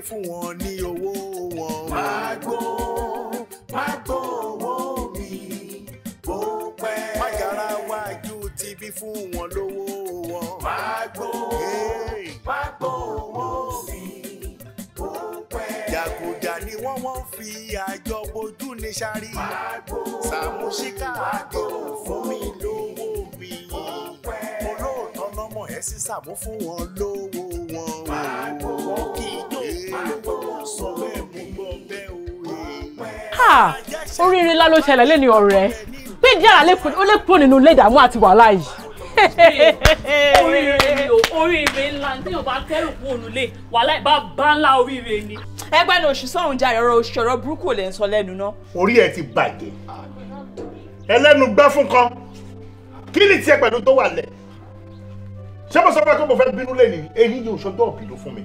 sáré fún wọn ní owó wọn. Magbo, magbo owó mi, bó pẹ́. Mágara wájú ti bí fún wọn lówó wọn. Magbo, magbo owó mi, bó pẹ́. Jàgùjà ni wọ́n wọ́n fi àjọ bojú ní sáré. Magbo, sàmúsíkà àjọ fún mi lówó mi. Mo lóòótọ́ lọ́mọ ẹ̀ sísàmú fún wọn lówó wọn o. pàgbó pàgbó sọ bẹ́ẹ̀ mú bọ́ bẹ́ẹ̀ o. oríire ńlá ló ṣẹlẹ̀ lẹ́ni ọ̀rẹ́ pé díàrà ó lè kúrò nínú ilé ìdààmú àti wàhálà yìí. oríire ni o oríire ńlá ní ọba kẹrù kún òrùlé wàhálà ìbá bá ńlá oríire ni. ẹgbẹ́ ní oṣù sọ̀rùn jàre ọ̀rọ̀ oṣù ọ̀rọ̀ burúkú ò lè ń sọ lẹ́nu náà. orí ẹ ti bàjẹ́ ẹlẹ́nu gbẹ́ fún kan kí ni tiẹ̀ pẹ̀lú tó wà lẹ̀ ṣé mo sọ fún ẹ pé mo fẹ́ bínú lé nìyí èyí yóò ṣọjọ́ òbínú fún mi.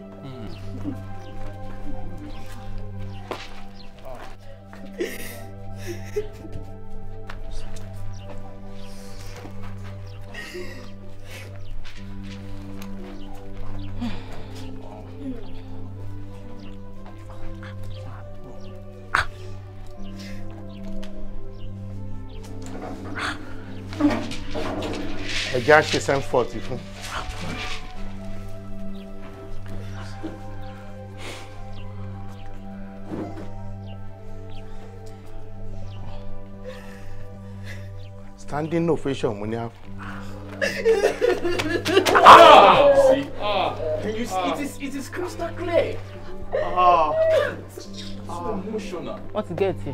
ẹ jẹ́ àṣẹ sẹ́ńfọ̀tì fún un. standing ovation mo ní àpò. it is it is crystal clear. Ah. so emotional. wọ́n ti gẹ̀ẹ́tì.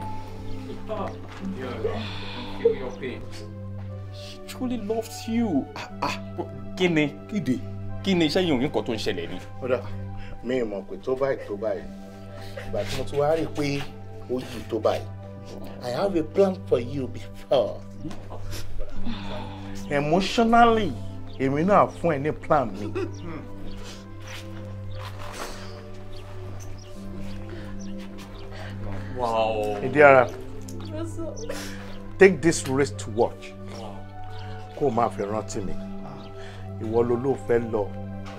Give me your pain. She truly loves you. Ah, ah, kí ni? Kíde. Kí ni iṣẹ́ yìí òun kan tó ń ṣẹlẹ̀ ni? Ọ̀dà mi ò mọ̀ pé tó báyìí tó báyìí. Ìgbà mo ti wá rí i pé ó I have a plan for you before. Hmm. Emotionally, èmi náà fún ẹ ní plan me. Wow. Idiara, take this wristwatch. Kó o máa fi rántí mi. Ìwọ ló ló fẹ́ lọ,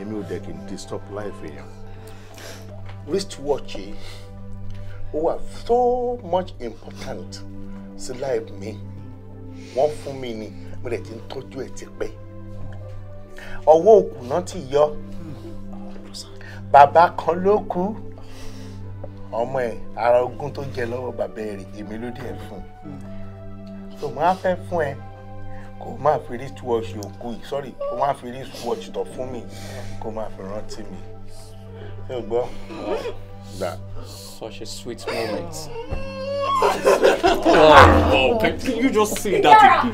èmi ò dẹ̀ kí disturb life èèyàn. Wristwatch yìí. Who are so much important sí life mi wọ́n fún mi ni mo lè ti ń tọ́jú ẹ̀ tipẹ́ ọwọ́ òkú náà ti yọ bàbá kan ló kú ọmọ ẹ̀ ara ogún tó jẹ lọ́wọ́ bàbá ẹ̀ rè èmi ló dé ẹ̀ fún un tó máa fẹ́ fún ẹ kò máa fi wristwatch òkú yìí sorry kò máa fi wristwatch tọ̀ fún mi kò máa fi rántí mi ṣé o gbọ́. that. Such a sweet moment. oh, oh, can you just see that?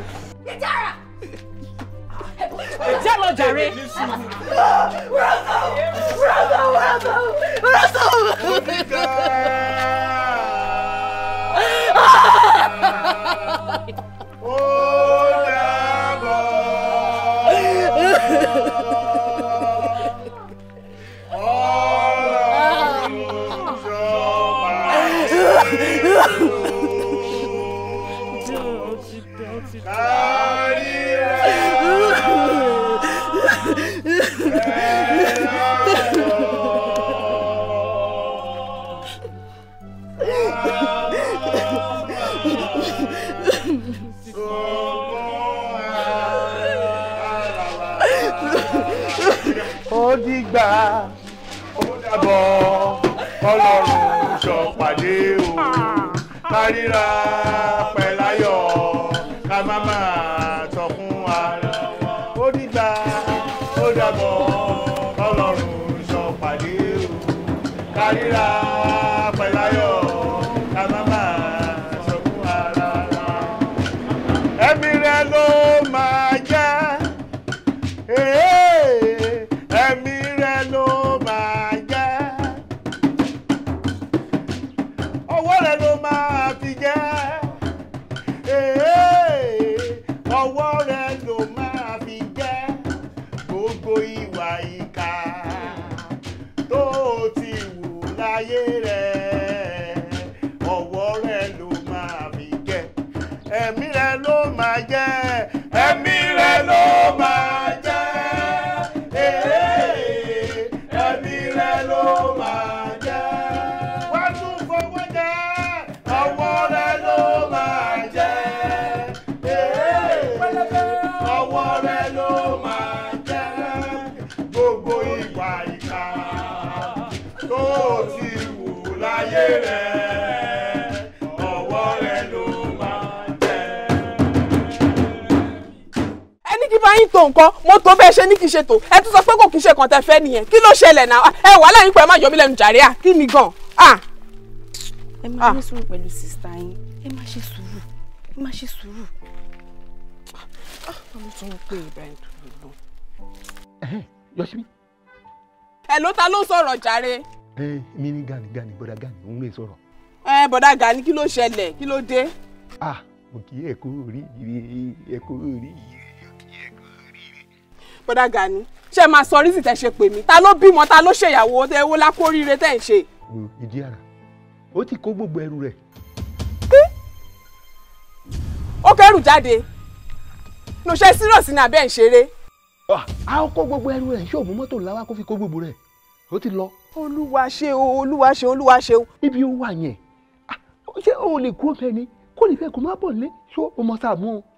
mọ́tò nǹkan mọ́tò bẹ́ẹ̀ ṣe ní kì í ṣètò ẹ tún sọ pé kò kì í ṣe kàn tẹ fẹ́ nìyẹn kí ló ṣẹlẹ̀ náà ah, ẹ wà láyé pẹ̀lú máa yọ mí lẹ́nu jàre à ah, kí ni gan. Ah. ẹ máa ní sùúrù pẹ̀lú sista yín ẹ máa ṣe sùúrù ẹ máa ṣe sùúrù. ọmọ tó ń pè Ibrahim tó lè lọ. yọsibí. ẹ ló ta ló sọ̀rọ̀ jàre. ẹ mi ní gani gani bọ́dà gani òun lè sọ̀rọ̀. ẹ bọ́dà gani kí ló ṣẹlẹ̀ kí ló dé. ah mo kì í ẹ̀kọ́ orí yìí ẹ̀kọ́ orí yìí bọ́dà Gani ṣe máa sọ rísì tẹ́ ṣe pè mí ta ló bímọ ta ló ṣèyàwó ewo lákóríire tẹ́ ń ṣe. ìdí ara ó ti kó gbogbo ẹrù rẹ̀. ó kẹrù jáde ló ṣe sírọ̀sì ní abẹ́ ìṣeré. a ó kó gbogbo ẹrù rẹ̀ ṣé òun mọ́tò làwa kó fi kó gbogbo rẹ̀ ó ti lọ. olúwa ṣe o olúwa ṣe olúwa ṣe o. níbi ó wà ṣé o lè kú ọ̀fẹ́ ni kó lè fẹ́ kó má bọ̀ lé ṣó o mọ sáà mú o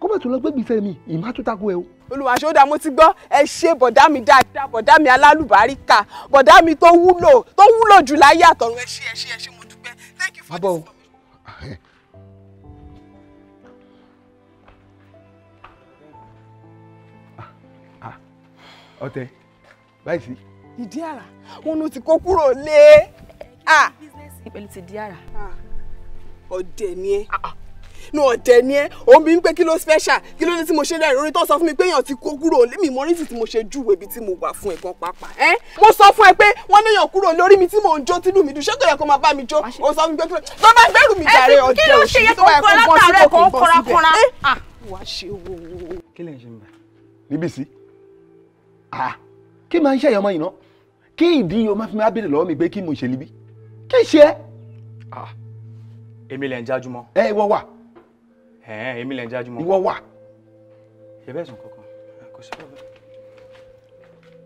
kọ́mọ̀ tó lọ gbé gbèsè mi ìmá tó tako ẹ o. olùwà ṣọ́dà mo ti gbọ́ ẹ ṣe bọ̀dá mi dáadáa bọ̀dá mi alálùbáríkà bọ̀dá mi tó wúlò tó wúlò jù láyé àtọ̀run ẹ ṣe ẹ ṣe ẹ ṣe mo dúpẹ́ thank you for this moment. Ah, ah, ọtẹ báyìí sí. ìdí àrà wọn ló ti kó kúrò lé. Ah. pẹ̀lú ti di àrà. ọ̀dẹ̀ ni ẹ ní ọ̀dẹ̀ ni ẹ́ òun bí ń pé kí special kí ló dé tí mo ṣe lẹ́rìn orí tó sọ fún mi pé èèyàn ti kó kúrò lé mi mọ orí tí mo ṣe júwèé ibi tí mo wà fún ẹ̀gbọ́n pápá ẹ́ mo sọ fún ẹ pé wọ́n léèyàn kúrò lórí mi tí mo ń jó tínú mi dùn ṣé kò yẹ kó máa bá mi jó o sọ fún mi pé kí ló tó bá bẹ̀rù mi jàre ọ̀dẹ̀ òṣì tó yẹ kó bọ́ síbẹ̀ kó bọ́ síbẹ̀ kí lè ń ṣe mi báyìí níbìsí ah. kí máa ń ṣe ẹ̀yàn ọmọ yìí náà kí ìdí o máa fi máa béèrè lọ́wọ́ mi pé kí mo ṣe níbí kí ṣe é. Ah. èmi lè ń jájú mọ́ ẹ̀ẹ́n èmi lẹ̀ ń jájú mọ́. ìwọ wà. ìyẹ́bẹ̀ sùn kankan kò sí ọ̀bẹ.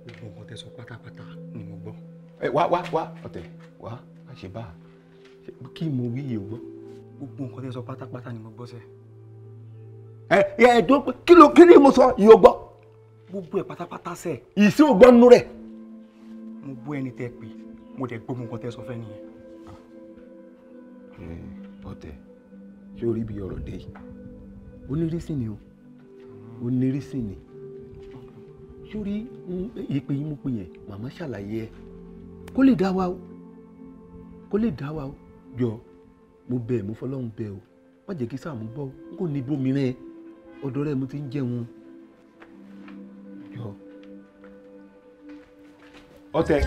gbogbo nǹkan tẹ́ sọ pátápátá ni mo gbọ́. ẹ wá wá wá ọ̀tẹ̀ wá má ṣe bá a kí mo wí yìí o gbọ́. gbogbo nǹkan tẹ́ sọ pátápátá ni mo gbọ́ sẹ́. ẹ ẹ ẹdọ kí ló kí ni mo sọ yìí o gbọ́. gbogbo ẹ pátápátá sẹ. ìsí ò nínú rẹ̀. mo bú ẹni tẹ́ pé mo dẹ̀ gbogbo nǹkan tẹ́ sọ fẹ́ nìyẹn. ọ̀tẹ̀ ṣé o rí bí ọ̀rọ̀ dé yìí onírísì ni o onírísì ni sórí ìpè yín mo pè yẹn màmá ṣàlàyé ẹ kó lè dá wa o kó lè dá wa o jọ mo bẹ̀ mo fọlọ́run bẹ̀ o má jẹ́ kí sáà mo gbọ́ n kò ní bómi rẹ ọ̀dọ̀ rẹ mo ti ń jẹun jọ. ọtẹ. Okay.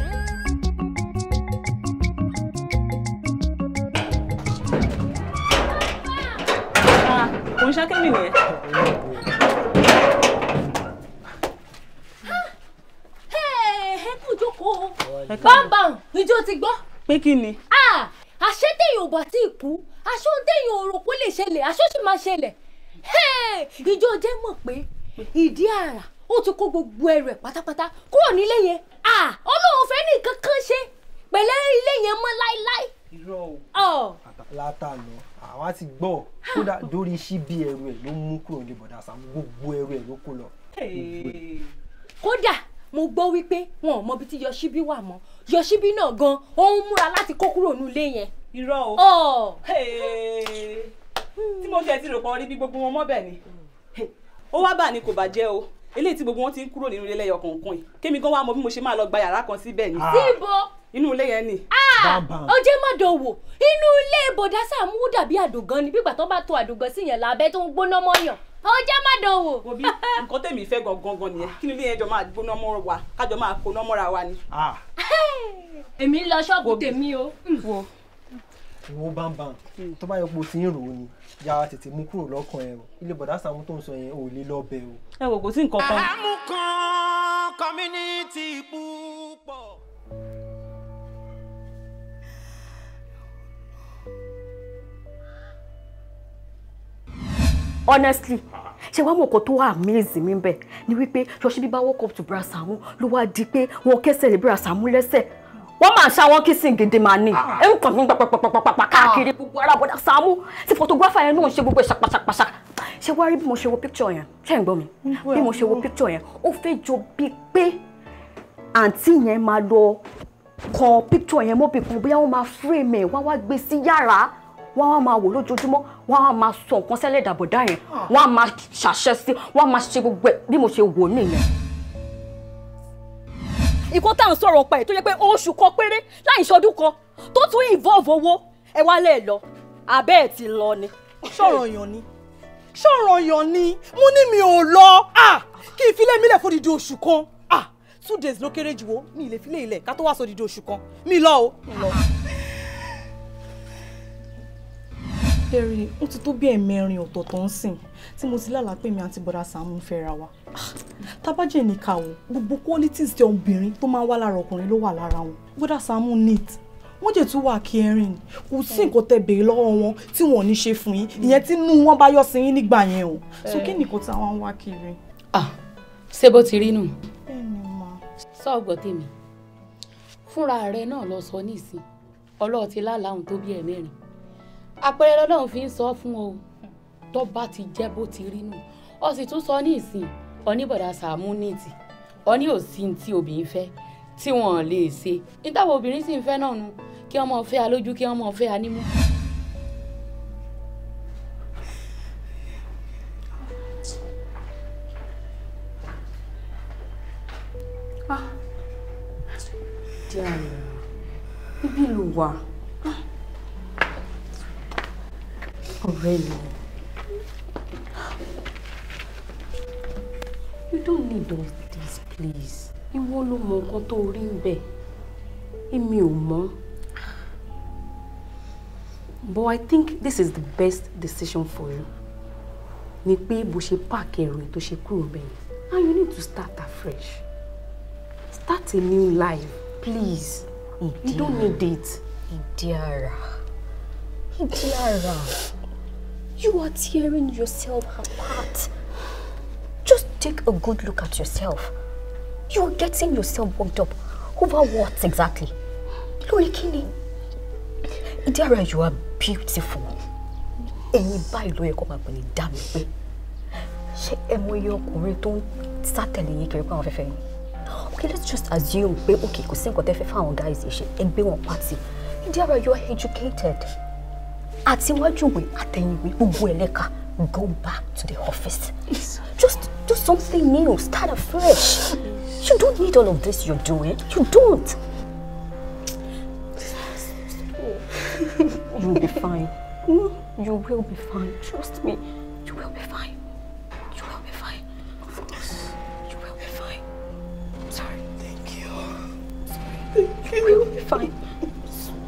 òun ṣákẹ́mi nìyẹn. Bam, bam. jókòó bámbàm ìjó ti gbọ́. pé kí ni. àṣé téèyàn ò bá tí ì kú aṣọ téèyàn ò rò pé lè ṣẹlẹ̀ aṣọ sì máa ṣẹlẹ̀ ìjó jẹ́ mọ̀ pé ìdí àrà ó ti kó gbogbo ẹrù ẹ̀ pátápátá kúrò nílé yẹn ọlọ́run fẹ́ nìkan kan ṣe pẹ̀lẹ́ ilé yẹn mọ́ láéláé. irọ́ o látàná àwa ti gbọ́ kódà dórí ṣíbí ẹrù ẹ̀ ló mú kúrò ní bọ̀dá Sàámú gbogbo ẹrù ẹ̀ ló kó lọ. kódà mo gbọ́ wípé wọn ò mọbi tí yọṣíbí wà mọ́ yọṣíbí náà gan ó ń múra láti kó kúrò ní yẹn. irọ́ o tí mo tẹ̀ ti rò pọ̀ rí bí gbogbo wọn mọ́ bẹ̀ ni ó wá bà ní kò bàjẹ́ o eléyìí tí gbogbo wọn ti ń kúrò nínú ilé lẹ́yọ kọ̀ọ̀kan kémi gan wá mọ bí mo ṣe máa lọ gba yàrá kan síbẹ̀ ni. síbo inú ilé yẹn ni. ọjẹ́ ah! má dọ̀wọ̀ inú ilé bọ̀dá Sàámú dàbí àdògán ni bígbà tó bá to àdògán sí yẹn lábẹ́ tó ń gbóná mọ́yàn ọjẹ́ má dọ̀wọ̀. òbí nǹkan tèmi fẹ́ gangan nìyẹn kí ni ilé yẹn jọ máa gbóná mọ́ra wa kájọ máa kóná mọ́ra wa ni. Ah. èmi ń lọ ṣọ́ọ̀bù tèmi o. Hmm. wo wo bámbám hmm. tó bá yẹ kó o ti ń rò ó ni ya tètè mú kúrò lọ́kàn ẹ o ilé bọ̀dá Sàámú tó ń sọ yẹn honestly ṣe wá mọ̀ kó tó wà amaze mi bẹ́ẹ̀ ni wípé ṣọ́ṣí bíbá work up to Brasamu ló wá di pé wọn kẹsẹ̀ lè Brasamu lẹ́sẹ̀ wọ́n máa ṣá wọn kissing gidi máa ní ah. ẹ̀ ń kàn mí pàpàpàpàpà káàkiri ah. gbogbo ara bọ́dà Sàámú tí photographer yẹn náà ṣe gbogbo ṣàpàṣàpàṣà ṣé wá rí bí mo ṣe wo picture yẹn ṣé ń gbọ́ mi bí mo ṣe wo picture yẹn ó fẹ́ jọ bíi pé àǹtí yẹn máa lọ kan picture yẹn mọ́bì kan bóyá wọ́n máa frame ẹ̀ wọ́n wá gbé sí yàrá wọ́n wá máa wò lójoojúmọ́ wọ́n á máa sọ nǹkan sẹ́lẹ̀ dàbọ̀dá yẹn wọ́n á máa ṣàṣẹ sí wọ́n á máa ṣe gbogbo ẹ̀ bí mo ṣe wò ó nìyẹn. ìkó tá à ń sọ̀rọ̀ pa ẹ̀ tó yẹ pé oṣù kan péré láì ṣọdún kan tó tún involve owó ẹ wálẹ̀ lọ abẹ́ ẹ̀ ti lọ ni. sọ̀rọ̀ yàn ni sọ̀rọ̀ yàn ni mo ní mi ò lọ kí n filẹ̀ mílẹ̀ fún odidi oṣù kan two days ló kéré jù ó mi ì lè filẹ̀ ilẹ̀ ká tó wá sọ odidi oṣù kan mi lọ o. Jerry ó ti tó bí ẹ̀mẹrin ọ̀tọ̀ọ̀tọ̀ ń sìn tí mo ti lálàá pé mi àti bọ̀dá Sàámú fẹ́ra wa tábàjẹ́ nìka o gbogbo qualities ti obìnrin tó máa ń wá lára ọkùnrin ló wà lára wọn bọ̀dá Sàámú neat wọ́n jẹ̀ tún wà caring kò sí nǹkan tẹ bèrè lọ́wọ́ wọn tí wọ́n ní ṣe fún yín ìyẹn tí inú wọn bá yọ sí yín nígbà yẹn o so eh. kí nìkan tí àwọn wá kiri. ah ṣé bó ti rí nù. bẹ́ẹ̀ni ma. sọ ọgbọ tèmi fúnra rẹ náà lọ sọ nísìn ọlọ́ọ̀tí láláhùn tó bí ẹ̀mẹ́rin àpẹẹrẹ ọlọ́run fi ń sọ fún ọ tó bá ti jẹ́ bó ti rí nù ọ sì tún sọ ní ìsìn oníbọ̀dà sàmú nìtì oní òsì tí obìnrin fẹ́ tí wọ́n lè ṣe nítawọ̀ obìnrin sì ń fẹ́ náà nu kí wọ́n mọ̀ fẹ́ alójú kí wọ́n mọ̀ fẹ́ anímú. Ah. díẹ̀ ibi ló wà. Ọ̀rẹ́ You don't need all this, please. You won't mọ more tó rí ń bẹ̀. Èmi ò But I think this is the best decision for you. Ni pé bó ṣe páàkì ẹ̀rọ tó ṣe kúrò bẹ́ẹ̀. Now you need to start afresh. Start a new life, please. Ìdí You don't need it. Ìdí ara. You are tearing yourself apart. Just take a good look at yourself. You are getting yourself worked up. Over what exactly? Lórí kí Idara, you are beautiful. Ẹ̀yin báyìí ló yẹ kó máa pè ní dá mi pé. Ṣé ẹ mọ iye ọkùnrin tó ń sátẹ̀lé Okay, let's just assume okay kò sí nǹkan tẹ́ fẹ́ fáwọn guys ṣe ẹgbẹ́ wọn pàtì. Idara, you are educated. you ìwé We will ẹ̀lẹ́ka go back to the office just do something new start afresh you don't need all of this you're doing you don't you'll be fine you will be fine trust me you will be fine. We'll be fine.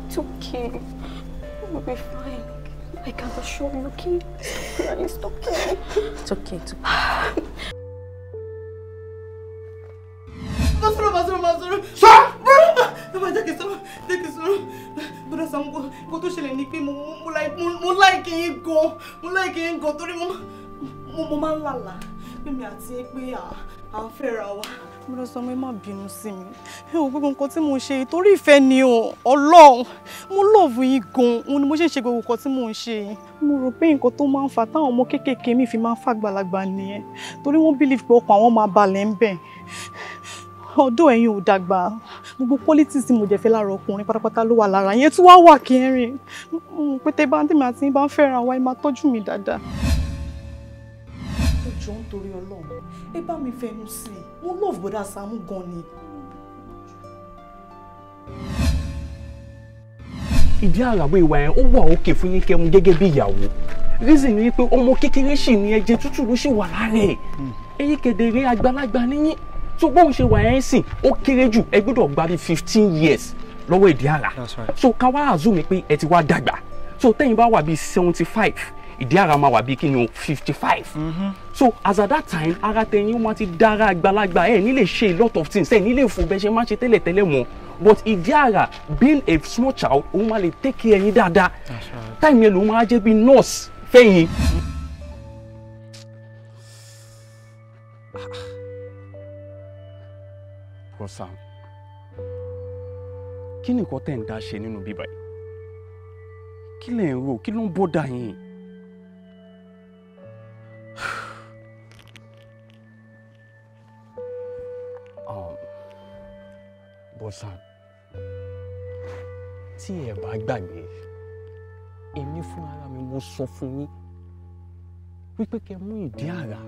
It's okay. We'll be fine. I can't assure you, okay? It's okay. It's okay. It's okay. Masuru, Masuru, Masuru. Sọ! Ẹ máa jẹ́ kí sọ̀rọ̀, jẹ́ kí sọ̀rọ̀. Bọ́dà Sam, kò tó ṣẹlẹ̀ ní pé mo láìkí yín gan. Mo láìkí yín gan torí mo máa ń lálàá. Mímí àti pé à ń fẹ́ra wa mo lọ sọ mo má bínú sí mi ẹ ò gbogbo nǹkan tí mo ṣe torí ìfẹ́ ni o ọlọ́run mo lọ́ọ̀bù yín gan òun ni mo ṣe ń ṣe gbogbo nǹkan tí mo ń ṣe mo rò pé nǹkan tó máa ń fa táwọn ọmọ kéékèèké mi fi máa ń fàgbàlagbà nìyẹn torí wọ́n bílíf pé ọkàn àwọn máa balẹ̀ ń bẹ̀ ọ̀dọ̀ ẹ̀yin ò dàgbà gbogbo politics mo jẹ fẹ́ ọkùnrin pátápátá ló wà lára yẹn tí wàá wà kẹrin pété bá ń tèmi àti bá ń fẹ́ràn wa ẹ máa tọ́jú mi dáadáa ẹ jọ ń torí ọlọ́run ẹ bá mi fẹnu sí i mo love bọ́dà Sàámú gan ni. ìdí àràbò ìwà yẹn ó wà òkè fún yín kẹmu gẹ́gẹ́ bí ìyàwó reason ni pé ọmọ kékeré ṣì ní ẹ̀jẹ̀ tútù ló ṣì wà lára ẹ̀ hmm. ẹ̀yin kedere àgbàlagbà níyìn tó bóun ṣe wà yẹn sìn ó kéré jù ẹ gbọ́dọ̀ gba fifteen years lọ́wọ́ ìdí àrà so ká wá àzú mi pé ẹ ti wá dàgbà so tẹ́yìn bá wà bíi seventy five ìdí ara máa wà bíi kí o fifty five. Mhm. so as at that time ara tẹ̀yìn ó máa ti dára àgbàlagbà ẹ̀ ní ṣe a lot of things ẹ̀ ní lè fò bẹ́ẹ̀ máa ṣe tẹ́lẹ̀ tẹ́lẹ̀ mọ́ but ìdí being a small child òun máa lè take care yín dáadáa táìmì ẹ̀ lòun máa jẹ́ bíi nurse fẹ́yìn. Bọ́sàm, kí ni nǹkan tẹ̀ ń dá ṣe nínú bíbá yìí? Kí lẹ̀ ń rò? Kí ló ń bọ́ dà yín? ọ̀sán tí ẹ bá gbàgbé èmi fún ara mi mo sọ fún yín wípé kẹ́ mú ìdí àrà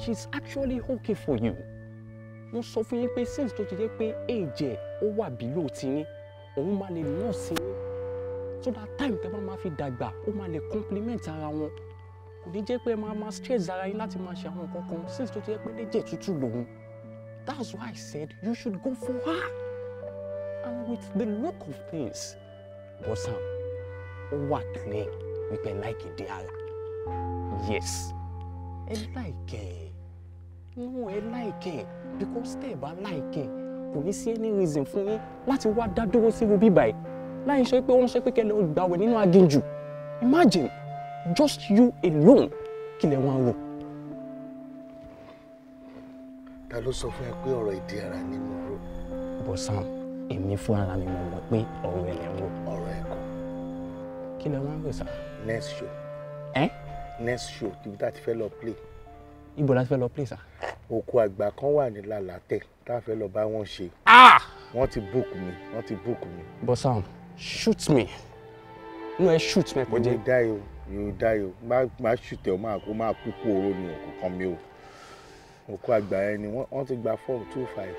she is actually okay for you mo sọ fún yín pé since tó ti jẹ́ pé èjẹ̀ ó wà bílò tiyín òun máa lè nọ́ọ̀sì yín so that time tẹ́ bá máa fi dàgbà ó máa lè compliment ara wọn kò ní jẹ́ pé máa máa stress ara yín láti máa ṣe àwọn nǹkan kan since tó ti jẹ́ pé léjẹ̀ tútù lòun that's why I said you should go for her and with the look of things bọ́sàn ó wà clear wípé láìkè dé ara yes ẹ láìkè no ẹ láìkè because tẹ́ ẹ bá láìkè kò ní sí any reason fún yín láti wá dá dúró sí ibi báyìí láì ṣe pé wọ́n ṣe pé kẹlẹ́ gbàwẹ̀ nínú aginjù imagine just you alone kí lẹ wọn rò. ta ló sọ fún ẹ pé ọ̀rọ̀ ìdí ara nínú ọ̀rọ̀. bọ̀sán èmi fúnra mi mo mọ̀ pé ọ̀rọ̀ ẹ̀ lẹ́ ọ̀rọ̀ ẹ̀ kọ́. kí lẹ wá ń sá. next show. ẹ. next show ibi tá a ti fẹ́ lọ play. ibo la ti fẹ́ lọ play sá. òkú àgbà kan wà ní làlátẹ̀ tá a fẹ́ lọ bá wọn ṣe. Ah! wọ́n ti book mi wọ́n ti book mi. bọ́sàm shoot me inú ẹ shoot me kọjá. you die o you die o má shoot ẹ o máa kú kú oró ni òkú kan mi o òkú àgbà yẹn ni wọ́n ti gba form two five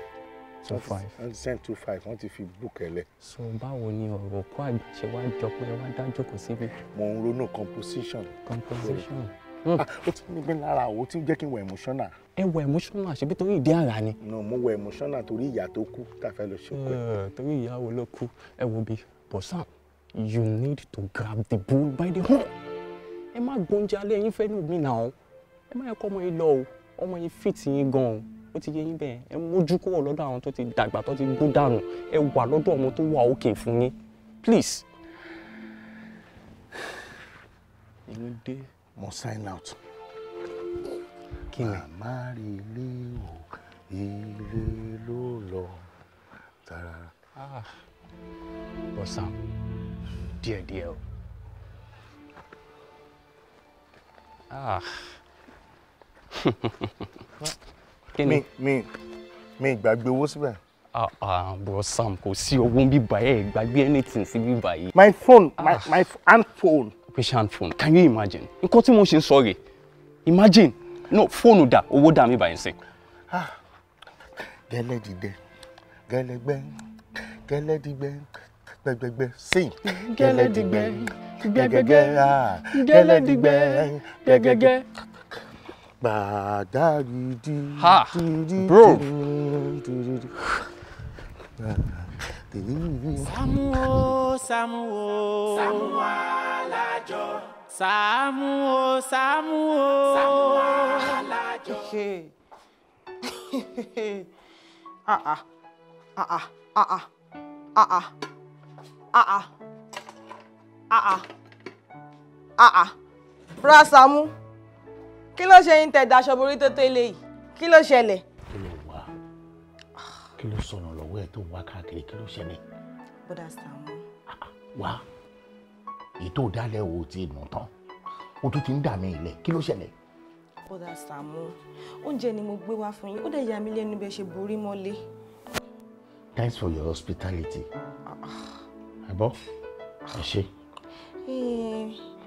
two five. wọ́n ti send two five wọ́n ti fi book ẹ lẹ̀. so báwo ni ọ̀rọ̀ kó àgbà ṣe wá jọ pé wá dá jókòó síbi. mo ń ronú composition. composition. Hmm. Ah, ó ti ní pé lára àwọn tí ń jẹ́ kí n wọ emotional. ẹ wọ emotional ṣe bí torí ìdí ara ni. no mo wọ emotional torí ìyá tó kú káfẹ́ lọ ṣe pé. Hmm, torí ìyàwó ló kú ẹ wo bí bọ̀sán you need to grab the bull by the horn. ẹ má gbóúnjẹ alẹ́ yín fẹ́ nù mí náà ẹ má yẹ kọ́ ọmọ yín lọ o ọmọ yín fìtì yín gan-an ó ti yé yín bẹ́ẹ̀ ẹ mójú kúrò lọ́dọ̀ àwọn tó ti dàgbà tó ti gbó dànù ẹ wà lọ́dọ̀ ọmọ tó wà òkè fún yín please. inú dé mo sign out. kí ni. màmá rí ilé o ilé ló lọ tara. bọ́sà díẹ̀díẹ̀ o. Ah. kí ni. mi mi gbàgbé owó síbẹ̀. ah ah bro sam kò sí owó bíbá ẹ gbàgbé anything sí bíbá yìí. my phone my ah. my handphone. which handphone can you imagine nǹkan tí mo ṣe ń sọ rè imagine no fóònù dà owó dà mí báyìí sí. Ah. gẹ́lẹ́ dìde gẹ́lẹ́ gbẹ́ gẹ́lẹ́ dìgbẹ́ gbẹgbẹgbẹ sing. gẹ́lẹ́ dìgbẹ́ gbẹgbẹgbẹ ah. gẹ́lẹ́ dìgbẹ́ gbẹgbẹgbẹ ha bro. Sàámú o Sàámú o Sàámú alájọ. Sàámú Ah ah ah ah ah ah ah ah ah ah ah ah Bra Sàámú kí ló ṣe yín tẹ daṣọ borí tó tó ilé yìí kí ló ṣẹlẹ̀. kí ló wá kí ló sọnù lọ́wọ́ ẹ̀ tó ń wá káàkiri kí ló ṣẹlẹ̀. bọ́dà sàmú. Ah, wá ètò ìdálẹ̀ wo ti nù tán o tún ti ń dà mí ilẹ̀ kí ló ṣẹlẹ̀. bọ́dà sàmú oúnjẹ ni mo gbé wá fún yín ó dẹ̀ yà mí lẹ́nu bẹ́ẹ̀ ṣe borí mọ́lé. thanks for your hospitality. ẹ bọ́ ẹ ṣe.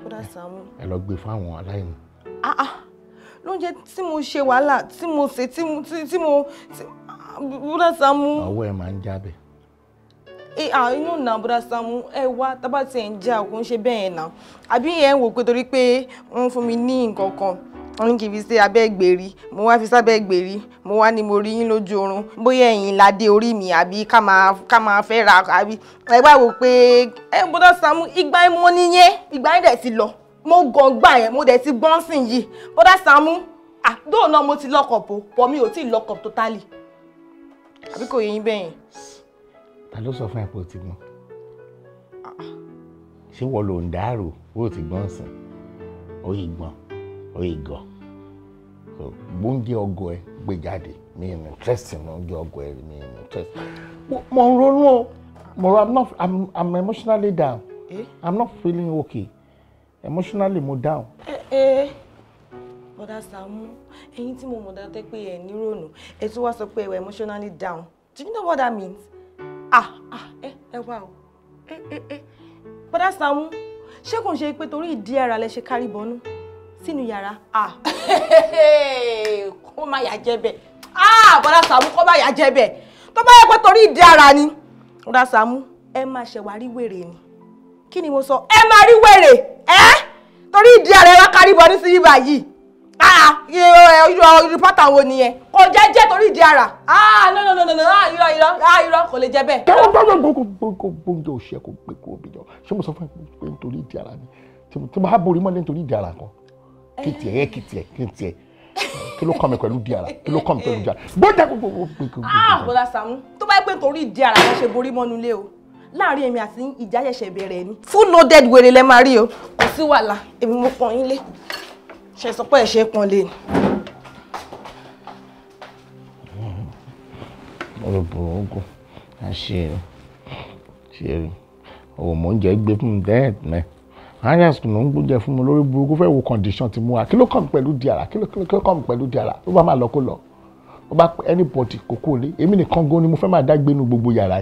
bọ́dà sàmú. ẹ lọ gbé fún àwọn aláìní. ah ah lóúnjẹ tí mo ṣe wàhálà tí mo ṣe tí mo tí mo búdà Sàámú. ọwọ́ ẹ máa ń jábẹ̀. ẹ à inú nà búdà Sàámú ẹ wá tábà tí ẹ ń jà kó ń ṣe bẹ́ẹ̀ yẹn nà àbí ẹ ń wò pé torí pé wọ́n fún mi ní nǹkan kan wọ́n ní kí n fi ṣe abẹ́ ìgbèrí mo wá fi sábẹ́ ìgbèrí mo wá ní mo rí yín lójú oorun bóyá ẹ̀yin ládé orí mi àbí ká máa ká máa fẹ́ ra àbí ẹ bá wò pé ẹ búdà Sàámú ìgbà ẹ mọ́ níyẹn ìgbà ẹ dẹ̀ ti lọ mo gàn gbà yẹn mo dẹ̀ ti gbọ́n sìn yìí bọ́dá Sàámú àdóò náà mo ti lọ́kọ̀p o pọ̀ mi ò tí ì lọ́kọ̀p totally àbí kò yé yín bẹ́ẹ̀ yẹn. ta ló sọ fún ẹ pé o ti gbọ́n ṣé wọ́n lò ń dárò bó ti gbọ́n sìn ó yìí gbọ́n ó yìí gàn so ọgọ ẹ gbé jáde mi ì interest in oúnjẹ ọgọ ẹ mi ì interest mo ń ronú o mo rò i'm not i'm emotionally down eh? i'm not feeling okay emotionally mo down. ẹ ẹ bọ́dà Sàámú ẹ̀yin tí mo mọ̀ dáadáa pé ẹ̀ nírònú ẹ̀ tún wá sọ pé ẹ̀ wà emotionally down do you know what that means? ah ah ẹ ẹ wá o ẹ ẹ ẹ bọ́dà Sàámú ṣé kò ń ṣe pé torí ìdí ara lẹ ṣe kárí bọnú sínú yàrá ah kó má yà jẹ bẹ́ẹ̀ ah bọ́dà Sàámú kó má yà jẹ bẹ́ẹ̀ tó bá yẹ pé torí ìdí ara ni bọ́dà Sàámú ẹ má ṣe wá rí wèrè ni kí ni mo sọ ẹ má rí wèrè ẹ torí ìdí ààrẹ wa kárí bọ ní sí ibà yìí ah, eh, irú eh, pátá wo nìyẹn kò jẹ́ jẹ́ torí ìdí ara ah, no no no no ah, irọ́ irọ́ irọ́ kò lè jẹ́ bẹ́ẹ̀. kẹ́rọ bá gbọ́n gbọ́n gbọ́n gbọ́n gbọ́n jẹ́ òṣìṣẹ́ kò gbé kó obì jọ ṣé mo sọ fún ẹ pé nítorí ìdí ara ni tí mo bá borí mọ́lẹ̀ nítorí ìdí ara kan kí tiẹ̀ yẹ kí tiẹ̀ kí tiẹ̀ kí ló kàn mí pẹ̀lú ìdí ara kí ló kàn mí pẹ̀lú ìdí ara gbọ́dọ̀ gbọ́dọ̀ gbọ́dọ̀ gbọ́dọ̀ láàrin èmi àti ìjà ṣẹ̀ṣẹ̀ bẹ̀rẹ̀ ni. full loaded wèrè lẹ máa rí o kò sí wàhálà èmi mo pọn yín lé ṣe sọ pé ẹ ṣe pọn lé ni. orúkọ ogun a ṣe ṣe òun mò ń jẹ gbé fún dẹ́ẹ̀tì arias ló ń gbóúnjẹ fún mi lórí burúkú fẹ́ wo condition ti mú wa kí ló kàn pẹ̀lú di ara kí ló kàn pẹ̀lú di ara ló bá máa lọ kó lọ ó bá anybody kókó lé èmi nìkan gan ni mo fẹ́ máa dá gbénu gbogbo yàrá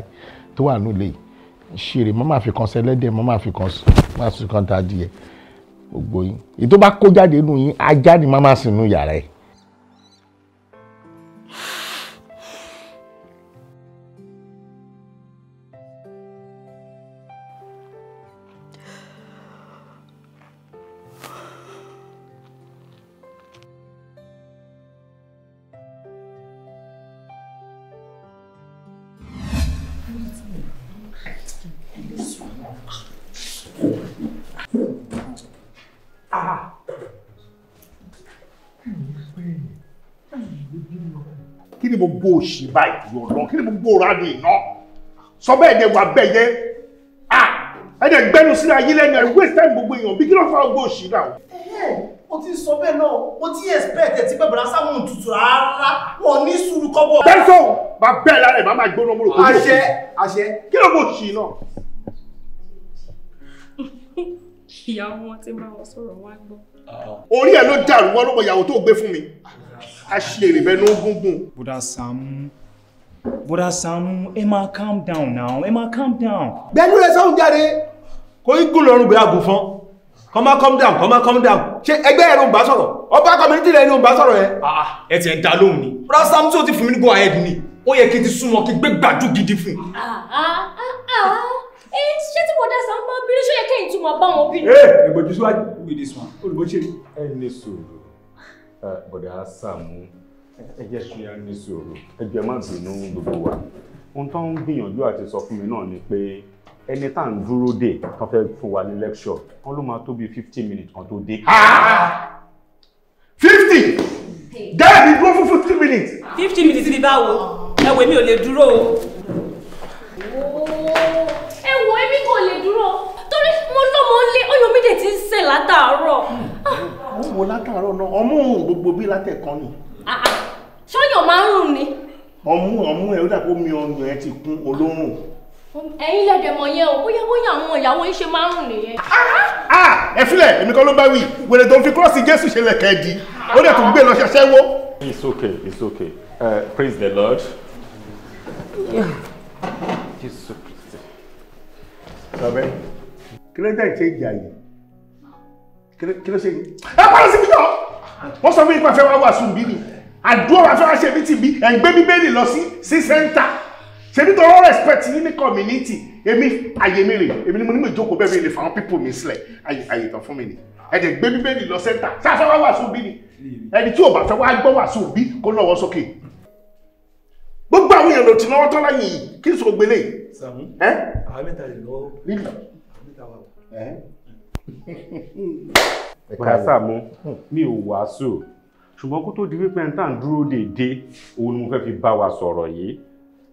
tó wà nílé yìí ṣeré mo máa fi kan sẹlẹ́dẹ̀ mo máa fi kan máa fi kan ta adìyẹ gbogbo yín èyí tó bá kó jáde nù yín ajá ni má má sínú yàrá ẹ̀. ṣe báyìí yóò lọ kí ni gbogbo ọ̀rá ni iná sọ bẹ́ẹ̀ ni wà bẹ́ẹ̀ yẹ à ẹ̀dẹ̀ gbẹ́nu sílẹ̀ ayé lẹ́nu ẹ̀ wé sẹ́yìn gbogbo èèyàn bí kí ló fà gbogbo òṣì náà. mo ti sọ bẹ́ẹ̀ náà mo ti expect ẹ̀ tí bẹ́ẹ̀ bọ̀dá sáwọn òtútù rárá wọn ní sùúrù kọ́bọ̀. bẹ́sọ̀ bá bẹ́ẹ̀ lára ẹ̀ má máa gbóná mo kó ló bó ṣì náà. ìyàwó wọn ti bá wọn sọ̀rọ̀ wá gbọ́. orí ẹ̀ ló dàrú wọn ló ìyàwó tó gbé fún mi aṣèrè bẹ́ẹ̀ ló ń gúngùn. Bùdá Sàámú Bùdá Sàámú calm down now Emma, calm down. Gbẹ́nu rẹ̀ sọ́hùn jáde. Kò í gùn lọ́rùn bóyá gùn fún. calm down Come máa calm down. Ṣé ẹgbẹ́ ẹ̀rọ ń bá sọ̀rọ̀? Ọba community le ni ń bá sọ̀rọ̀ ah, ah, Ẹ ti ẹ̀ dá lóhùn ni. Bùdá Sàámú tí ti fún mi go ahead ni. Ó yẹ sumo n ti súnmọ́ kí n gbé gbàdú gidi fún. Ah, ah, eh, ṣé tí Bùdá Sàámú bá bínú ṣó yẹ kẹ́yìn tún máa bá wọn bínú? Eh, ẹgbẹ̀jú síwájú. Look at this one. Olùbọ́ṣe. Ẹ ní sùúrù bọ̀dá Sàámú ẹ jẹ́ ṣe á ní sòrò ẹ jẹ́ má bínú gbogbo wa ohun tó ń gbìyànjú àti sọ fún mi náà ni pé ẹni tá à ń dúró dè tó fẹ́ fún wa ní lecture wọn ló máa tó bíi fifteen minutes kan tó dé. fifty gáàbì dúró fún fifty minutes. fifty minutes bí báwo ẹ wèé mi ò lè dúró o. ẹ wo èmi kò lè dúró mo lọ́mọ lé ọyọ mi dẹ̀ ti ń sẹ̀ látàárọ̀. Hmm. mo wo látàárọ̀ náà ọmú òun gbogbo bí látẹ̀kan ni. Ah, ah. ṣọ́yàn máa ń rùn ni. ọmú ọmú ẹ ó dà kó mi ọyàn ẹ ti kún olórùn. ẹ̀yin lẹ́dẹ̀ mọ̀ yẹn o bóyá bóyá àwọn ìyàwó yín ṣe máa ń rùn nìyẹn. Ah, ẹ filẹ̀ èmi kan ló bá wí wèrè tó ń fi kúrọ́ọ̀sì Jésù ṣe lẹ̀kẹ́ di ó dẹ̀ tún gbé lọ ṣẹṣẹ́ wó. It's okay, it's okay. Uh, praise the Lord. Yeah. Jesus Christ. Sabe? kí ló dé ṣe ìjà yìí kí ló ṣe yìí. ẹ pàrọ̀ sí bíjọ́ wọ́n sọ fún ipa fẹ́ wá wàásù bí ni àdúrà wà fẹ́ wá ṣe bí ti bí ẹ̀ ń gbé bíbélì lọ sí sí sẹ́ńtà ṣe nítorí respect yín ní community èmi àyè mi rè èmi ni mo ní mo jókòó bẹ́ẹ̀ mi lè fàwọn pípò mi sílẹ̀ àyè tán fún mi ni ẹ̀jẹ̀ gbé bíbélì lọ sẹ́ńtà sáfẹ́ wá wàásù bí ni ẹni tí ò bá fẹ́ wá gbọ́ wàásù bí kó lọ́wọ́ sókè gbogbo àwọn èèyàn ló ti náwó tán láyé yìí kí n sọ gbélé. sàmú àwọn mẹ́ta lè lọ ẹ̀ka sàmú mi ò wàásù ṣùgbọ́n kó tó di wípé ẹni tá à ń dúró dédé òun ni mo fẹ́ fi bá wa sọ̀rọ̀ yìí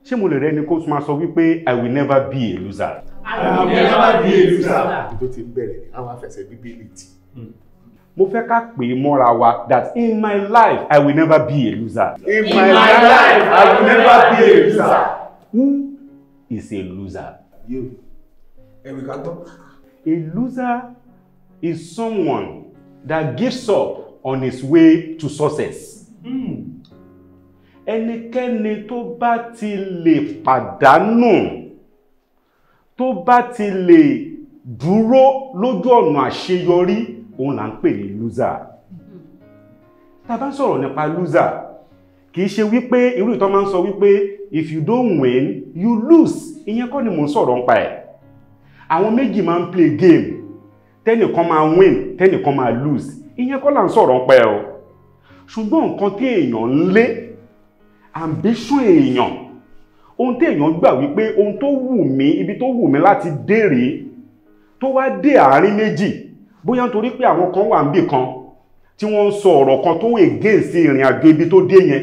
ṣé mo lè rẹ́ni kó máa sọ wípé I will never be a loser. I will never be a loser. ìjọ ti ń bẹ̀rẹ̀ ní àwọn afẹsẹ̀ bíbélì tì hmm. mo fẹ́ ká pè é mọ́ra wa that in my life I will never be a loser. in my, life, I will never be a loser. who is a loser? you. ẹ wí ká A loser is someone that gives up on his way to success. Hmm. Ẹnikẹ́ni tó bá ti lè pàdánù, tó bá ti lè dúró lójú ọ̀nà àṣeyọrí, òun là ń pè ní loser. Tá bá sọ̀rọ̀ nípa loser, kìí ṣe wípé irú ìtọ́ máa ń sọ wípé if you don't win, you lose. Ìyẹn kọ́ ni mò ń sọ̀rọ̀ nípa ẹ̀ àwọn méjì máa ń play game tẹ́nìkan máa win tẹ́nìkan máa lose ìyẹn kọ́ là ń sọ̀rọ̀ pẹ́ o ṣùgbọ́n nǹkan tí èèyàn ń lé ambition èèyàn ohun tí èèyàn gbà wípé ohun tó wù mí ibi tó wù mí láti dé rèé tó wá dé àárín méjì bóyá nítorí pé àwọn kan wà níbì kan tí wọ́n ń sọ ọ̀rọ̀ kan tó wè gẹ̀ẹ́sì ìrìn àjò ibi tó dé yẹn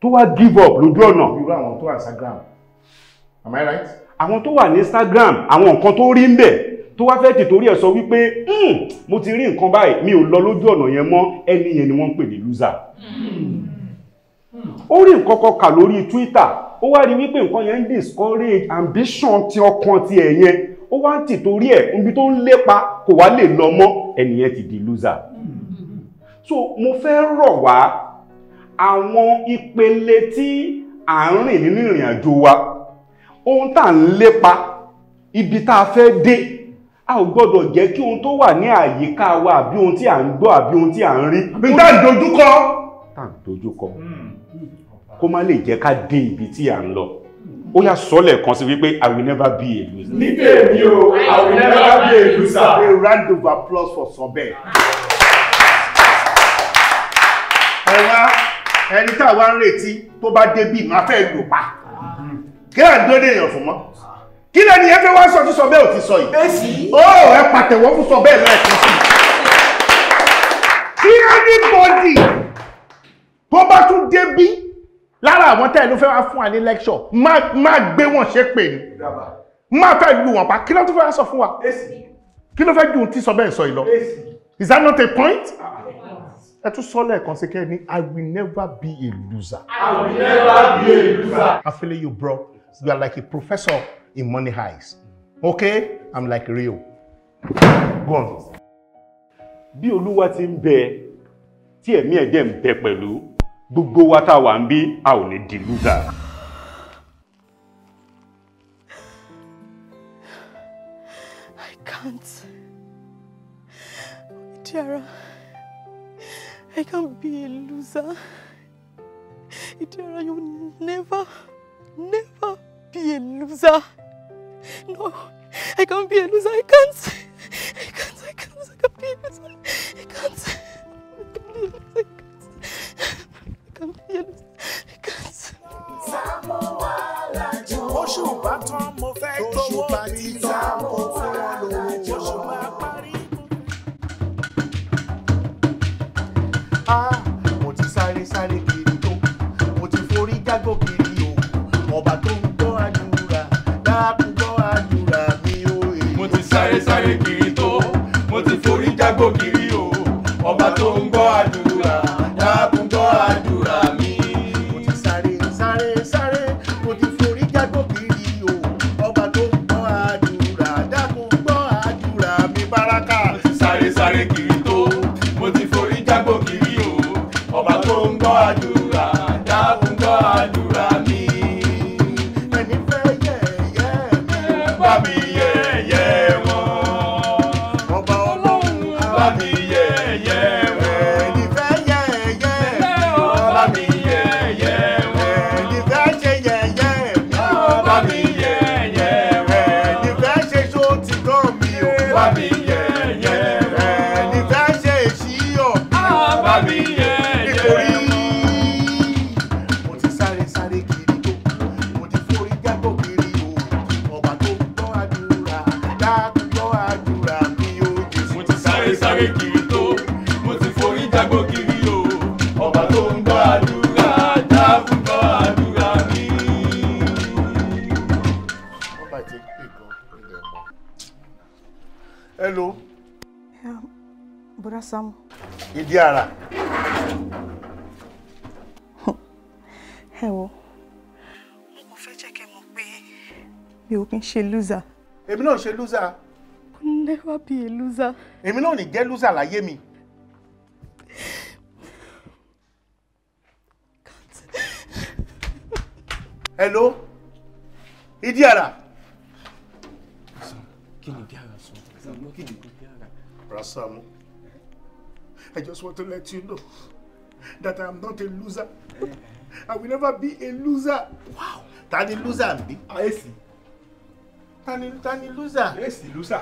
tó wá give up lójú ọ̀nà. irú àwọn tó wà Instagram am I right? àwọn tó wà ní Instagram àwọn nǹkan tó rí ń bẹ̀ tó wá fẹ́ tìtorí ẹ̀ sọ wípé hmm, mo ti rí nǹkan báyìí mi ò lọ lójú ọ̀nà yẹn mọ́ ẹni yẹn ni wọ́n ń pè ní loser hmm. ó rí nǹkan kan lórí Twitter ó wá rí wípé nǹkan yẹn ń discourage ambition ti ọkàn ti ẹ̀ yẹn ó wá ń tìtorí ẹ̀ níbi tó ń lépa kò wá lè lọ mọ́ ẹnìyẹn ti di loser so mo fẹ́ rọ̀ wá àwọn ìpele tí à ń rìn nínú ìrìn àjò wa ohun tá à ń lépa ibi tá a fẹ́ dé a ò gbọ́dọ̀ jẹ́ kí ohun tó wà ní àyíká wa àbí ohun tí à ń gbọ́ àbí ohun tí à ń rí. n tá à ń dojúkọ. tá à ń dojúkọ kó má lè jẹ́ ká dé ibi tí à ń lọ ó yà sọ́lẹ̀ kan sí wípé I will never be a loser. ní tèmi o I will never be a loser. a round of applause for Sobe. ẹ̀wá ẹni tá a wá ń retí tó bá débì máa fẹ́ lò pa kí là ń dúró dé èèyàn fún mọ́ kí lẹ́ni ẹ fẹ́ wá sọ tí sọ bẹ́ẹ̀ ò ti sọ yìí. èsì. ó ẹ pàtẹ́wọ́ fún sọ bẹ́ẹ̀ lẹ́ẹ̀kan sí kí anybody tó bá tún débí lára àwọn tẹ́ ẹ ló fẹ́ wá fún wa ní lecture máa gbé wọn ṣe pè ní máa fẹ́ lu wọn pa kí ló tún fẹ́ wá sọ fún wa kí ló fẹ́ ju tí sọ bẹ́ẹ̀ sọ yìí lọ is that not a point? Ah, ah. ẹ tún sọ lẹ́ẹ̀kan sí kẹ́ni I will never be a loser. I will never be a loser. I feel you bro. You are like a professor in money heist. Okay? I'm like real. Go on. Bí Olúwa ti ń bẹ, tí ẹ̀mí ẹ̀ dẹ̀ ń gbogbo wa tá a wà ń a ò ní di I can't. Tiara, I can't be a loser. Tiara, you never, never. be a loser. No, I can't be a loser. I can't. I can't. I can't. I can't be a loser. I can't. I can't be a loser. I can't. I can't be a loser. ṣe loser. èmi náà ṣe loser. I will never be a loser. èmi náà ò ní jẹ́ loser láyé mi. hello ìdí ara. rasamu I just want to let you know that I am not a loser. Eh, eh. I will never be a loser. Wow. Ta ni loser ń bí? Àyèsí tani tani loser. yes loser.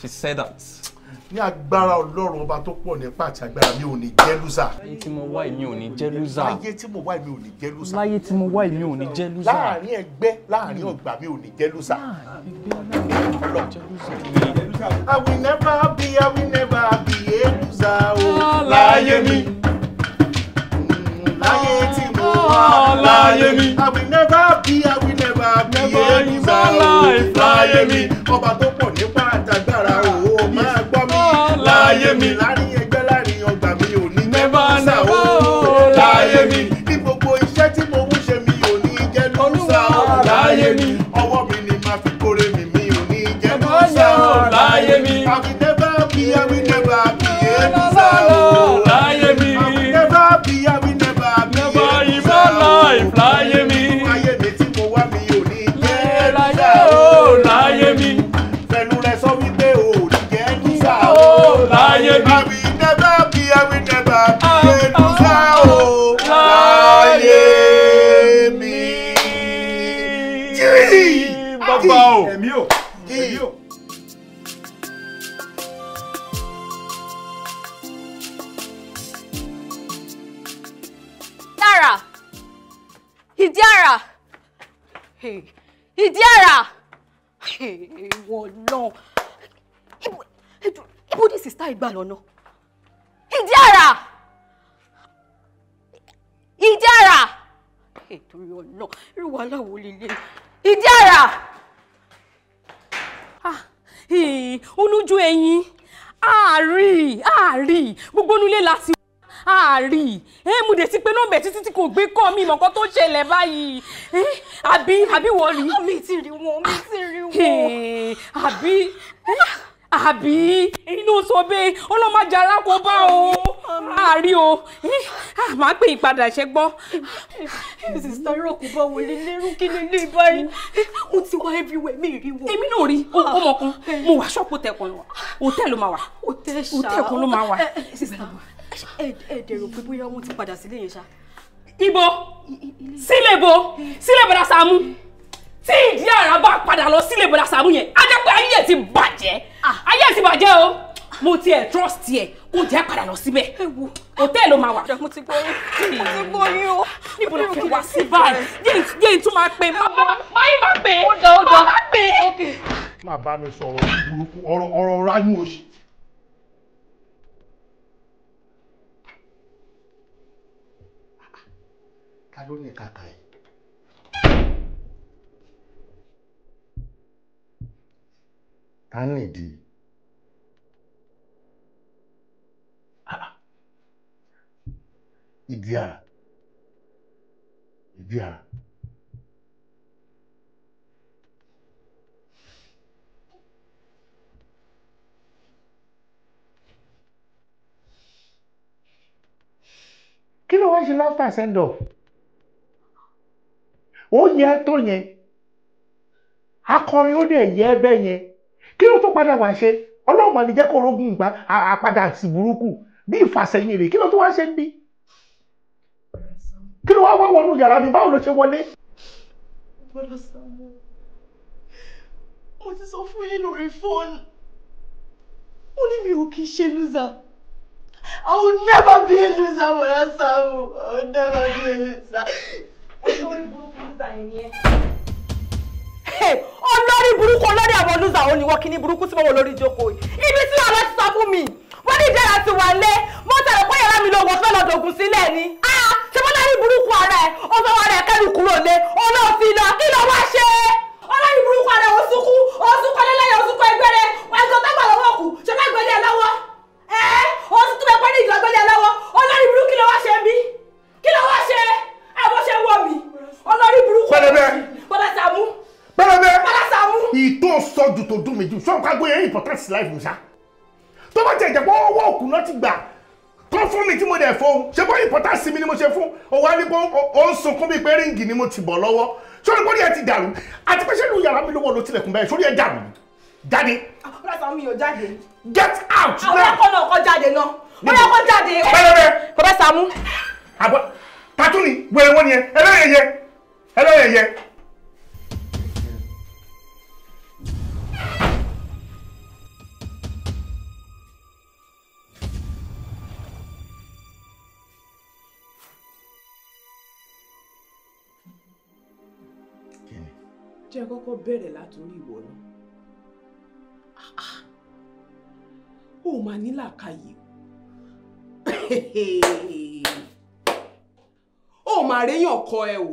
she said that. ní agbára ọlọ́run ọba tó pọ̀ nípa àti agbára mi ò ní jẹ́ loser. láyé tí mo wá èmi ò ní jẹ́ loser. láyé tí mo wá èmi ò ní jẹ́ loser. láyé tí mo wá èmi ò ní jẹ́ loser. láàárín ẹgbẹ́ láàárín ọgbà mi ò ní jẹ́ loser. I will never be I will never be a loser o oh. láyé mi láyé mi. I will never be, I will never be anybody láyé mi. Ọba tó pọ̀ nípa àtàgbára òun máa gbọ́ mi láyé mi láyé mi. ọba o ẹ̀mí o ẹ̀mí o. Ìdíàrà Ìdíàrà Ìdíàrà ìwọ̀n náà ibo ni sista ìgbà lọ́nà Idiara. Idiara. torí ọ̀nà irú wàhálà wo lè lè Idiara olójú ẹyin àárí àárí gbogbo onúlé láti àárí mo dé ti pé nọ́ọ̀bẹ̀ títí tí kò gbé kọ́ mi ìmọ̀kan tó ṣẹlẹ̀ báyìí àbí àbí wọ́n rí. mi ti rí wọn mi ti rí wọn. àbí. Ah! àbí inú sọ bẹ́ẹ̀ ọlọ́mọjà alákòóbá o àárí o ah, máa pè ìpadà ṣe gbọ́. sísá rọ̀kù bá wọlé lérú kí ni ilé báyìí ó ti wá everywhere mi rí wọ. èmi náà rí ọmọ kan mo wà ṣọ́ọ̀pù tẹ̀kùn lọ hòtẹ́ẹ̀ ló máa wà hòtẹ́ẹ̀ kan ló máa wà. ẹ dẹ̀rọ pé bóyá wọ́n ti padà sílé yẹn ṣá. ibo sílẹ̀ bo sílẹ̀ bọ̀dá Sàámú tí ìdí àrà bá padà lọ sílẹ̀ bọ̀dá Sàámú yẹn á jẹ́ pé ayé ti bàjẹ́. Ah. ayé ti bàjẹ́ o mo tiẹ̀ trust yẹ kó padà lọ síbẹ̀ hòtẹ́ẹ̀lì ló máa wà. mo ti gbọ́ mo ti gbọ́ o. níbo ló fi wá sí báyìí jẹ́ ìtún máa pè má báyìí máa pè ó dán ó dán má pè. má bá mi sọ̀rọ̀ burúkú ọ̀rọ̀ ọ̀rọ̀ ráyún oṣù. ta ló ní kàkà yìí. tá a nídìí. Ìdí àrà. Ìdí kí ló wá ṣe láfà send ó yẹ tó yẹn akọrin ó dẹ̀ yẹ bẹ́ẹ̀ yẹn kí ló tó padà wá ṣe ọlọ́run àlè jẹ́ kó rógùn gbà àpadà sí burúkú bí ìfàsẹ́yìn rè kí ló tó wá ṣe ń bí kí ló wá wá wọnú yàrá mi báwo ló ṣe wọlé. gbọ́dọ̀ Sàámú mo ti sọ fún yín lórí fóònù ó ní mi ò kì ṣe lùzà I will never be a loser bọ́dọ̀ Sàámú I will never be a loser. ó ní orí burúkú lùzà yẹn ni ẹ olórí burúkú olórí àwọn lùzà òun ni wọ́n kí ní burúkú tí mo wò lórí ìjókòó yìí ibi tí bàbá ti sọ fún mi wọ́n ní ìjẹ́ra ti wà lé mo tẹ̀lé pé yàrá mi lòun ọ̀fẹ́ lọ́dọ̀gùn sílẹ̀ ni ṣé mo lórí burúkú ara ẹ̀ ó fẹ́ wà rẹ̀ kẹ́rù kúrò lé olóòtí lọ kí ló wá ṣe olórí burúkú ara ẹ̀ ó sunkún ó sunkún lẹ́lẹ́yìn ó sunkún ẹgbẹ́rẹ́ ẹ̀gbọ́n tó gbà lọ́wọ́ kù ṣe má gbẹ́lẹ́ lọ́wọ́ ẹ̀ ó tún tún bẹ pẹ́lẹ́bẹ́ ìtò sọ́jù tó dùn mí jù sọ́n ká gbé yẹn importance life mi sá tó bá jẹ́ ìjẹ́pọ̀ owó òkú náà ti gbà tó fún mi tí mo dẹ̀ fún ṣe bọ́ importance mi ni mo ṣe fún òwò àdìgbò ó ń sunkún bíi pé ríǹgì ni mo ti bọ̀ lọ́wọ́ sórí bọ́dí ẹ ti dàrú àti pé ṣé lu yàrá mi ló wọ̀ ló tilẹ̀kùn bẹ́ẹ̀ sórí ẹ dàrú jáde. Ah, ọlọ́sàn mi ò jáde. get out ah, now. àwọn ọkọ náà kọ jáde náà bóyá kọ jáde. pẹ́lẹ́bẹ́ bàbá Sàámú. àbọ̀ tàtúnì wẹ̀rẹ̀ wọ́n ni ẹ ẹlẹ́yẹyẹ ẹlẹ́yẹyẹ jẹ́ kọ́kọ́ bẹ̀rẹ̀ látòrí ìwọ náà ah, ah. ó máa ní làákàyè ó máa réyàn kọ ẹ o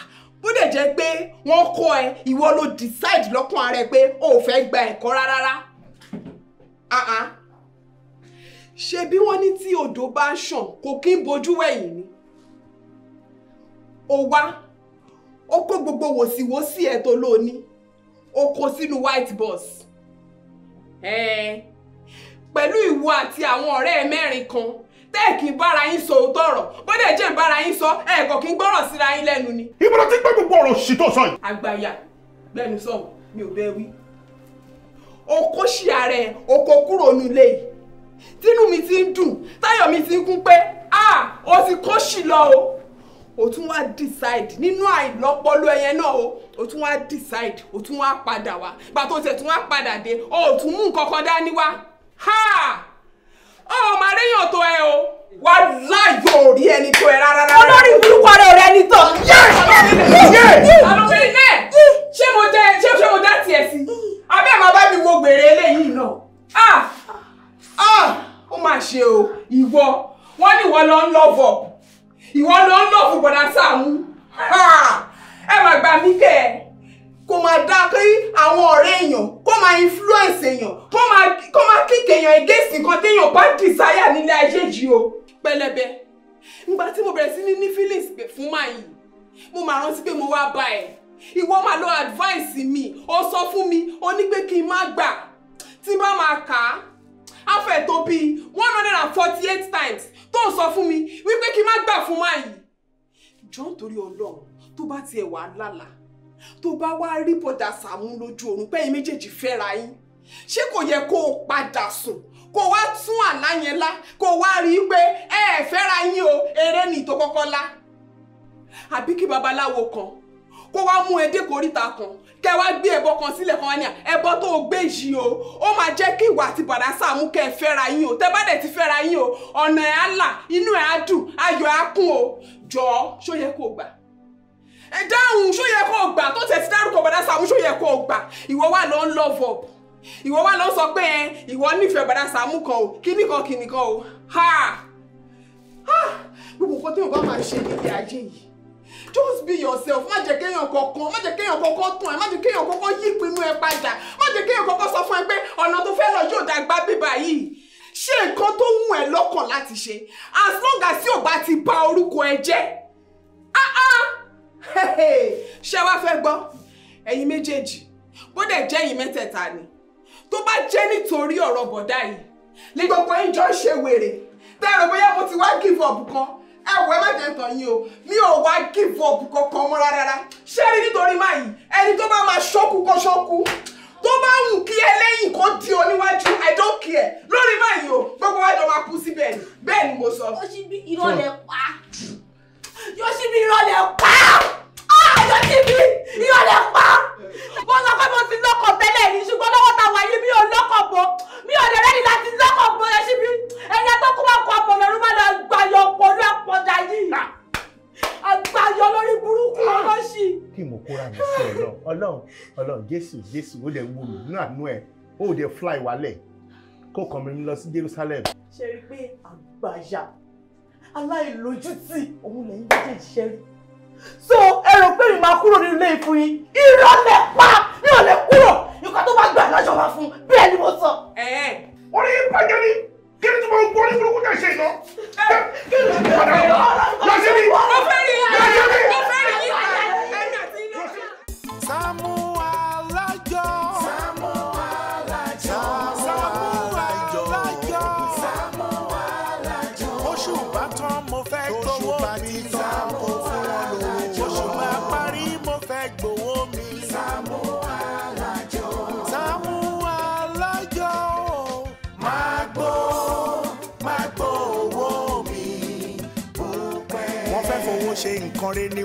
ah, bó dẹ̀ jẹ́ pé wọ́n kọ́ ẹ ìwọ ló decide lọ́kàn ara ẹ pé o ò fẹ́ gba ẹ̀kọ́ rárá ṣe bí wọ́n ní tí odò bá ń ṣàn kò kí ń bojú wẹ̀yìn ni ó wá ó kó gbogbo wòsíwòsí ẹ tó lò ní ó kó sínú white bus pẹ̀lú ìwọ àti àwọn ọ̀rẹ́ mẹ́rin kan tẹ́ẹ̀kì bára yín sọ òótọ́ ọ̀rọ̀ bọ́dẹ̀ jẹ́ bára yín sọ ẹ̀ẹ̀kọ̀ kí n gbọ́rọ̀ síra yín lẹ́nu ni. ibo ló ti gbé gbogbo ọ̀rọ̀ òṣì tó sọ yìí. àgbàyà gbẹnu sọ mi ò bẹ wí. o kó ṣì ààrẹ o kò kúrò nílé yìí tínú mi ti ń dùn táyọ̀ mi ti ń kún pé a ah, ó ti kó ṣì lọ o o tún wá decide nínú àìlọ́pọ̀lọ́ ẹyẹ náà o o tún wá decide o tún wá padà wá gbàtọ́ tẹ̀ tún wá padà dé o tún mú nǹkan kan dání wá ha ọmọ àrẹ́yàn ìwọ máa lọ advice mi ó sọ fún mi ó ní pé kí n má gbà tí n bá máa kà á afẹ́ bíi one hundred and forty eight times tó ń sọ fún mi wípé kí n má gbà fún máa yìí john torí ọlọ́run tó bá tiẹ̀ wà lálàá tó bá wá rí bọ̀dà Sàámú lójú oorun pẹ́yìn méjèèjì fẹ́ra yín ṣé kò yẹ kó o padà sùn kó o wá tún àlá yẹn lá kó o wá rí i pé ẹ ẹ fẹ́ra yín o eré nìtò kọ́kọ́ lá àbí kí babaláwo kan kó wá mú ẹ dé koríta kan kẹ wá gbé ẹbọ kan sílẹ̀ kan wá ẹbọ tó o gbé yìí o ó máa jẹ́ kí ìwà àti bàdá Sàámú kẹ ẹ fẹ́ra yín o tẹ bá dẹ̀ ti fẹ́ra yín o ọ̀nà ẹ̀ á là inú ẹ̀ á dùn ayọ̀ ẹ̀ á kún o jọ̀ọ́ ṣó kó o gbà ẹ dáhùn ṣó kó o gbà tó tẹ̀ ti dárúkọ bàdá Sàámú ṣó kó o gbà ìwọ wà lọ ń love up ìwọ wà lọ sọ pé ẹ ìwọ nífẹ̀ẹ́ bàdá Sàámú kan o kíní kan kíní kan o ha ha gbogbo nǹkan tí mo bá máa ṣe nílé ajé yìí just be yourself má jẹ́ kéèyàn kankan má jẹ́ kéèyàn kankan tún ẹ má jẹ́ kéèyàn kankan yí ìpinnu ẹ padà má jẹ́ kéèyàn kankan sọ fún ẹ pé ọ̀nà tó fẹ́ lọ yóò dàgbà bíbá yìí ṣe nǹkan tó wù ẹ́ lọ́kàn láti ṣe as long as yóò bá ti bà orúkọ ẹ jẹ́ ah, ah. ṣé wàá fẹ́ gbọ́ ẹ̀yin méjèèjì bó dẹ̀ jẹ́ ẹ̀yin mẹ́tẹ̀ẹ̀ta ni tó bá jẹ́ nítorí ọ̀rọ̀ bọ̀dá yìí ní gbogbo ìjọ ṣe wèrè tẹ́rọ bóyá mo ti wá give up kan ẹ wọ ẹ má jẹ́ ntàn yín o mi ò wá give up kankan mọ́ rárá ṣé rí nítorí máa yìí ẹni tó bá máa ṣọ́kú kó ṣọ́kú tó bá wù kí ẹlẹ́yìn kó di oníwájú i don't care lórí máa yìí o gbogbo wájú máa kú síbẹ̀ ni bẹ́ẹ̀ ni mo sọ. yóò ṣí bí irọ́ lẹ pa yóò ṣí bí irọ́ lẹ pa láti bí ìyá rẹ̀ pa mo sọ pé mo ti lọ́kọ̀ tẹ́lẹ̀ yìí ṣùgbọ́n lọ́wọ́ ta wà yìí mi ò lọ́kọ̀ mọ́ mi ò lè rẹ́ni láti lọ́kọ̀ mọ́ ẹ síbi ẹ̀yẹ tó kú wàá kọ àpọ̀lọ́run má lọ gbayọ̀ pọ̀lú àpọ̀jà yìí àgbàyọ̀ lórí burúkú ọlọ́ṣì. kí mo kóra mi sí ọlọ́run ọlọ́run ọlọ́run jésù jésù ó dẹ̀ wù mí nínú àánú ẹ̀ ó dẹ̀ fly wálẹ̀ kó kàn mí lọ sí Jerusalem. ṣe rí i pé àgbàyà aláìlójútì òun lè ń jẹ́jẹ́ ìṣẹ́rí so ẹ rò pé mi máa kúrò nínú ilé ìfún yín irọ́ lẹ pa mi ò lè kúrò nǹkan tó bá gbà lọ́jọ́ wa fún bẹ́ẹ̀ ni mo sọ. wọ́n ní bàjẹ́ ni kí ni tí mo gbọ́ ní burúkú tẹ̀ ṣe iná. kí ni tí mo gbọ́ ní burúkú tẹ̀ ṣe iná. lọ sí mi lọ sí mi.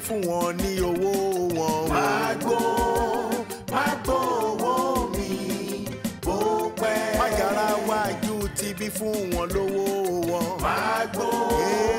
fún wọn ní owó wọn. Magbo Magbo owó mi bó pẹ́. Má yàrá wájú tibí fún wọn lówó wọn. Magbo. Hey.